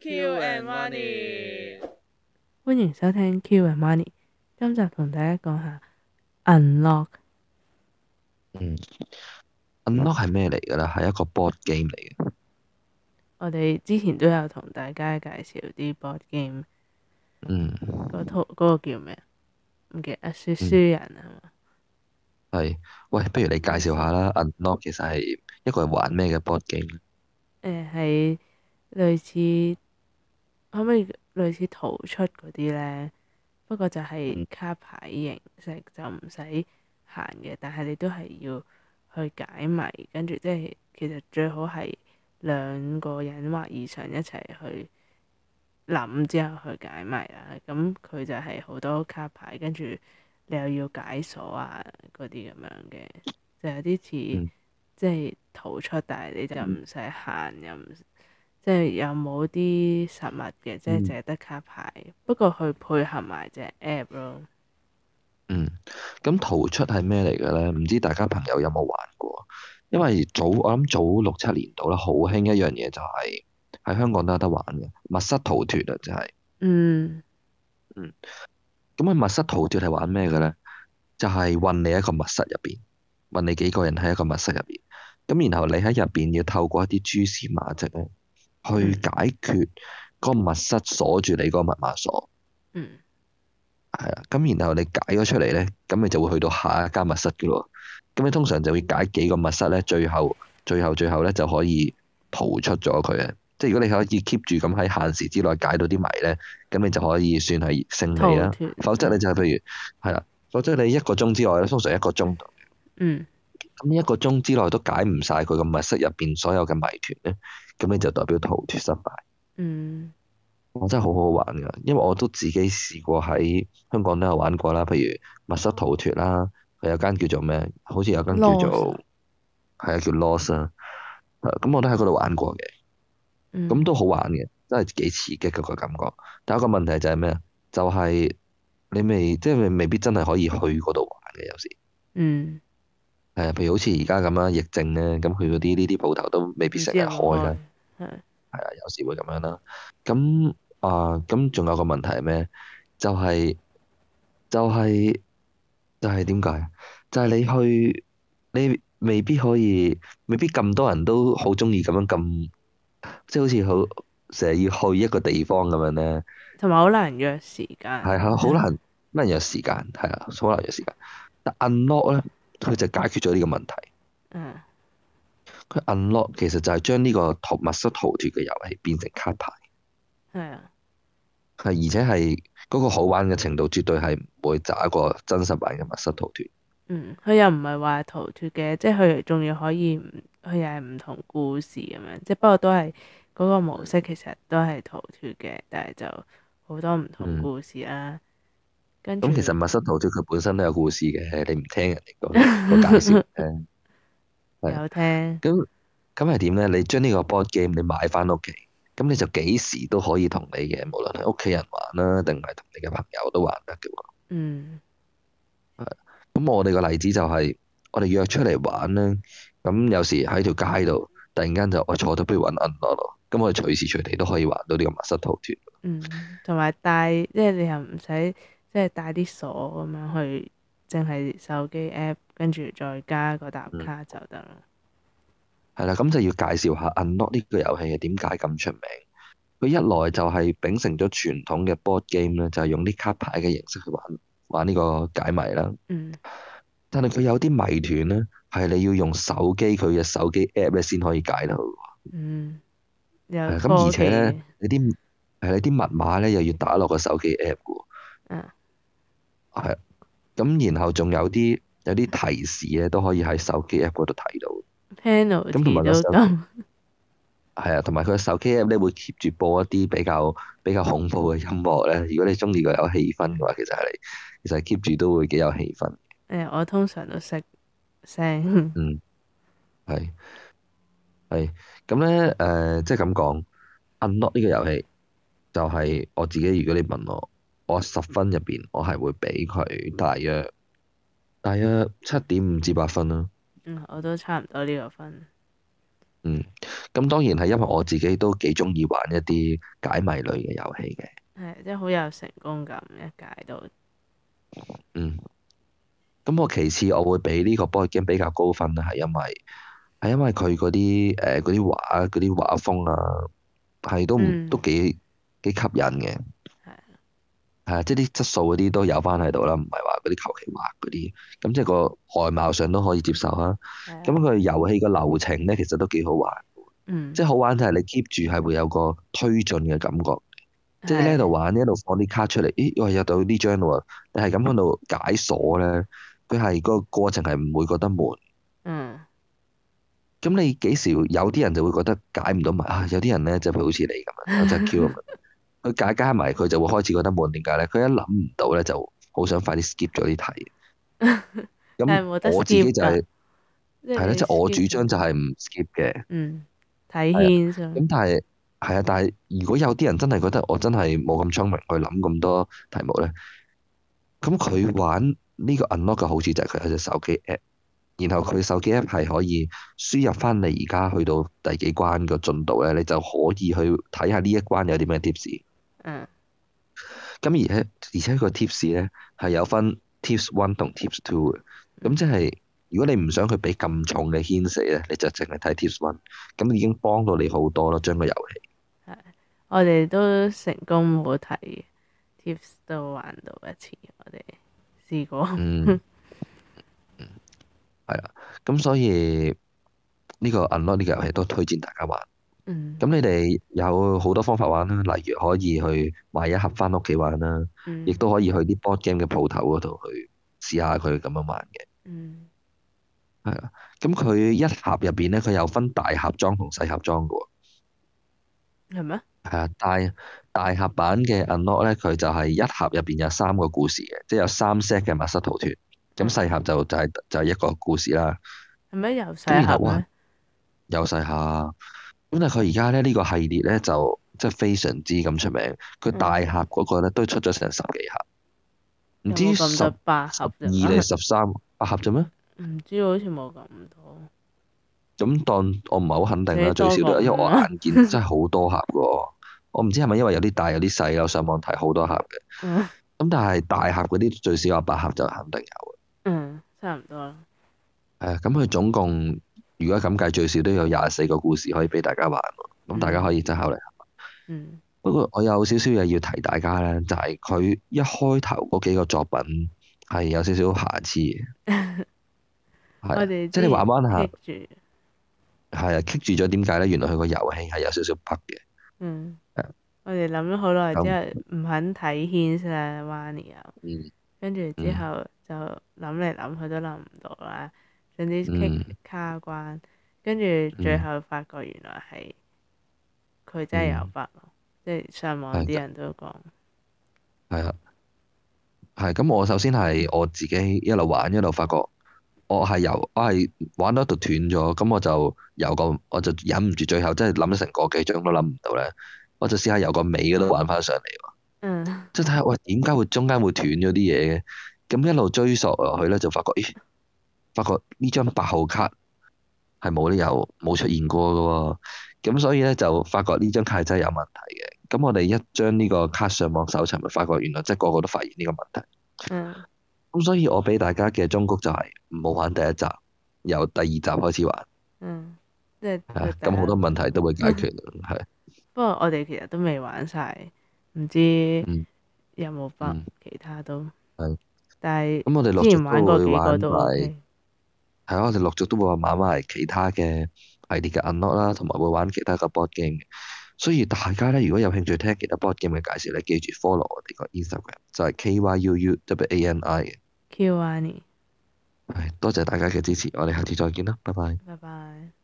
Q and Money 歡迎收聽 Q《Q and Money》。今集同大家講下 Unlock。Unlock 係咩嚟噶啦？係一個 board game 嚟嘅。我哋之前都有同大家介紹啲 board game。嗯。嗰套、嗰個叫咩？唔記得阿輸輸人係嘛？係、嗯吧，喂，不如你介紹下啦。Unlock 其實係一個玩咩嘅 board game 誒、嗯，係。類似可唔可以類似逃出嗰啲咧？不過就係卡牌形式，就唔使行嘅，但係你都係要去解謎，跟住即係其實最好係兩個人或以上一齊去諗之後去解謎啦。咁佢就係好多卡牌，跟住你又要解鎖啊嗰啲咁樣嘅，就有啲似、嗯、即係逃出，但係你就唔使行又唔。即係有冇啲實物嘅，即係淨係得卡牌。嗯、不過佢配合埋隻 app 咯。嗯，咁逃出係咩嚟嘅咧？唔知大家朋友有冇玩過？因為早我諗早六七年度啦，好興一樣嘢就係、是、喺香港都有得玩嘅密室逃脫啊！真係。嗯。嗯。咁啊，密室逃脫係玩咩嘅咧？就係、是、困你一個密室入邊，困你幾個人喺一個密室入邊，咁然後你喺入邊要透過一啲蛛絲馬跡咧。去解決嗰個密室鎖住你嗰個密碼鎖，嗯，係啊，咁然後你解咗出嚟咧，咁你就會去到下一間密室嘅咯。咁你通常就會解幾個密室咧，最後最後最後咧就可以逃出咗佢啊。即係如果你可以 keep 住咁喺限時之內解到啲謎咧，咁你就可以算係勝利啦、嗯。否則你就係譬如係啦，否則你一個鐘之外咧，通常一個鐘，嗯，咁一個鐘之內都解唔晒佢個密室入邊所有嘅謎團咧。咁你就代表逃脫失敗。嗯。我真係好好玩㗎，因為我都自己試過喺香港都有玩過啦，譬如密室逃脫啦，佢有間叫做咩？好似有間叫做係啊 Loss，叫 Loss 啊。係。咁我都喺嗰度玩過嘅。嗯。咁都好玩嘅，真係幾刺激嘅個感覺。但係個問題就係咩？就係、是、你未即係未未必真係可以去嗰度玩嘅，有時。嗯。誒，譬如好似而家咁啦，疫症咧，咁佢嗰啲呢啲鋪頭都未必成日開啦，係啊，有時會咁樣啦。咁啊，咁仲有個問題係咩？就係就係就係點解？就係、就係就係就係、你去你未必可以，未必咁多人都、就係、好中意咁樣咁，即係好似好成日要去一個地方咁樣咧。同埋好難約時間。係係好難，的難約時間係啊，好難約時間。但 unlock 咧。佢就解決咗呢個問題。佢、uh, unlock 其實就係將呢個密室逃脱嘅遊戲變成卡牌。係。係而且係嗰個好玩嘅程度絕對係唔會渣一個真實版嘅密室逃脱。嗯，佢又唔係話逃脱嘅，即係佢仲要可以，佢又係唔同故事咁樣，即係不過都係嗰、嗰個模式其實都係逃脱嘅，但係就好多唔同故事啦，啊。嗯咁其實密室逃脫佢本身都有故事嘅，你唔聽人哋講好搞笑。有聽？咁咁係點咧？你將呢個 board game 你買翻屋企，咁你就幾時都可以同你嘅，無論係屋企人玩啦，定係同你嘅朋友都玩得嘅。嗯。咁我哋個例子就係、是、我哋約出嚟玩咧，咁有時喺條街度，突然間就我坐到不如搵銀咯，咁我哋隨時隨地都可以玩到呢個密室逃脫。嗯，同埋帶即係你又唔使。即係帶啲鎖咁樣去，淨係手機 app，跟住再加個搭卡就得啦。係啦、嗯，咁就要介紹下 Unlock 呢、嗯、個遊戲係點解咁出名。佢一來就係秉承咗傳統嘅 board game 咧，就係用啲卡牌嘅形式去玩玩呢個解謎啦。嗯、但係佢有啲謎團呢，係你要用手機佢嘅手機 app 咧先可以解到，嗯。咁、啊，而且呢，你啲係你啲密碼呢又要打落個手機 app 喎。啊係，咁、啊、然後仲有啲有啲提示咧，都可以喺手機 app 嗰度睇到。聽到，咁同埋佢手機 app 咧會 keep 住播一啲比較比較恐怖嘅音樂咧。如果你中意個有氣氛嘅話，其實係其實 keep 住都會幾有氣氛。誒、欸，我通常都識聲嗯。嗯，係係，咁咧誒，即係咁講 unlock 呢個遊戲，就係我自己。如果你問我。我十分入邊，我係會俾佢大約大約七點五至八分咯。嗯，我都差唔多呢個分。嗯，咁當然係因為我自己都幾中意玩一啲解謎類嘅遊戲嘅。係，即係好有成功感一解到。嗯。咁我其次我會俾呢個 board game 比較高分咧，係因為係因為佢嗰啲誒嗰啲畫嗰啲畫風啊，係都唔都幾、嗯、幾吸引嘅。係、啊、即係啲質素嗰啲都有翻喺度啦，唔係話嗰啲求其畫嗰啲。咁即係個外貌上都可以接受啊。咁佢的遊戲個流程咧，其實都幾好玩。嗯、即係好玩就係你 keep 住係會有個推進嘅感覺，即係呢度玩，呢度放啲卡出嚟，咦，又有到呢張喎，你係咁喺度解鎖咧，佢係個過程係唔會覺得悶。咁、嗯、你幾時有啲人就會覺得解唔到密啊？有啲人咧就會好似你咁啊， 佢解加埋，佢就會開始覺得悶。點解咧？佢一諗唔到咧，就好想快啲 skip 咗啲題。咁我自己就係係咯，即係、就是、我主張就係唔 skip 嘅。嗯，體現。咁但係係啊，但係如果有啲人真係覺得我真係冇咁聰明去諗咁多題目咧，咁佢玩呢個 unlock 嘅好處就係佢有隻手機 app，然後佢手機 app 係可以輸入翻你而家去到第幾關嘅進度咧，你就可以去睇下呢一關有啲咩 tips。嗯，咁而,而且而且個 tips 咧係有分 tips one 同 tips two 嘅，咁即係如果你唔想佢俾咁重嘅牽死咧，你就淨係睇 tips one，咁已經幫到你好多咯，將個遊戲，係，我哋都成功好睇，tips 都玩到一次，我哋試過， 嗯。嗯。係啊，咁所以呢、這個 Unlock、這、e 呢個遊戲都推薦大家玩。咁、嗯、你哋有好多方法玩啦，例如可以去買一盒翻屋企玩啦，亦都、嗯、可以去啲 board game 嘅鋪頭嗰度去試下佢咁樣玩嘅。嗯，係啦，咁佢一盒入邊咧，佢有分大盒裝同細盒裝噶喎。係咩？係啊，大大盒版嘅 unlock 咧，佢就係一盒入邊有三個故事嘅，即係有三 set 嘅密室逃脫。咁細盒就、就係就係一個故事啦。係咩？有細盒啊？有細盒。但係佢而家咧，呢個系列咧，就即係非常之咁出名。佢大盒嗰個咧都出咗成十幾盒，唔知十、八盒、二定十三盒啫咩？唔知，好似冇咁多。咁當我唔係好肯定啦，最少都有，因為我眼見真係好多盒喎。我唔知係咪因為有啲大有啲細啦。我上網睇好多盒嘅。咁但係大盒嗰啲最少有八盒就肯定有。嗯，差唔多啦。係啊，咁佢總共。如果咁計，最少都有廿四個故事可以俾大家玩，咁大家可以就考慮下。嗯。不過我有少少嘢要提大家呢，就係、是、佢一開頭嗰幾個作品係有少少瑕疵嘅。 是。 我哋即係玩玩下。係啊止，棘住咗點解呢？原來佢個遊戲係有少少 bug 嘅。嗯、是我哋諗咗好耐之後，唔、嗯、肯睇 hints 啦，money 又跟住之後就諗嚟諗去都諗唔到啦。總之卡關，跟住、嗯、最後發覺原來係佢真係有發咯，嗯、即係上網啲人都講。係啊，係咁，我首先係我自己一路玩一路發覺我，我係由我係玩到一度斷咗，咁我就由個我就忍唔住，最後真係諗咗成個幾鐘都諗唔到咧，我就試下由個尾嗰度玩翻上嚟嗯。即係睇下喂，點、哎、解會中間會斷咗啲嘢嘅？咁一路追溯落去咧，就發覺咦～發覺呢張八號卡係冇理由冇出現過噶，咁所以咧就發覺呢張卡真係有問題嘅。咁我哋一張呢個卡上網搜尋，咪發覺原來即係個個都發現呢個問題。嗯。咁所以我俾大家嘅忠告就係唔好玩第一集，由第二集開始玩。嗯，即係。咁好是、嗯、多問題都會解決，係、嗯。是不過我哋其實都未玩晒，唔知有冇發、嗯嗯、其他都。是但係咁，我哋之前玩過幾係、嗯嗯、啊，我哋陸續都會買埋其他嘅系列嘅 unlock 啦，同埋會玩其他嘅 board game。所以大家咧，如果有興趣聽其他 Board game 嘅介紹咧，記住 follow 我哋個 Instagram，就係 K Y U U W A N I 嘅。多謝大家嘅支持，我哋下次再見啦，bye bye 啊、拜拜。拜拜。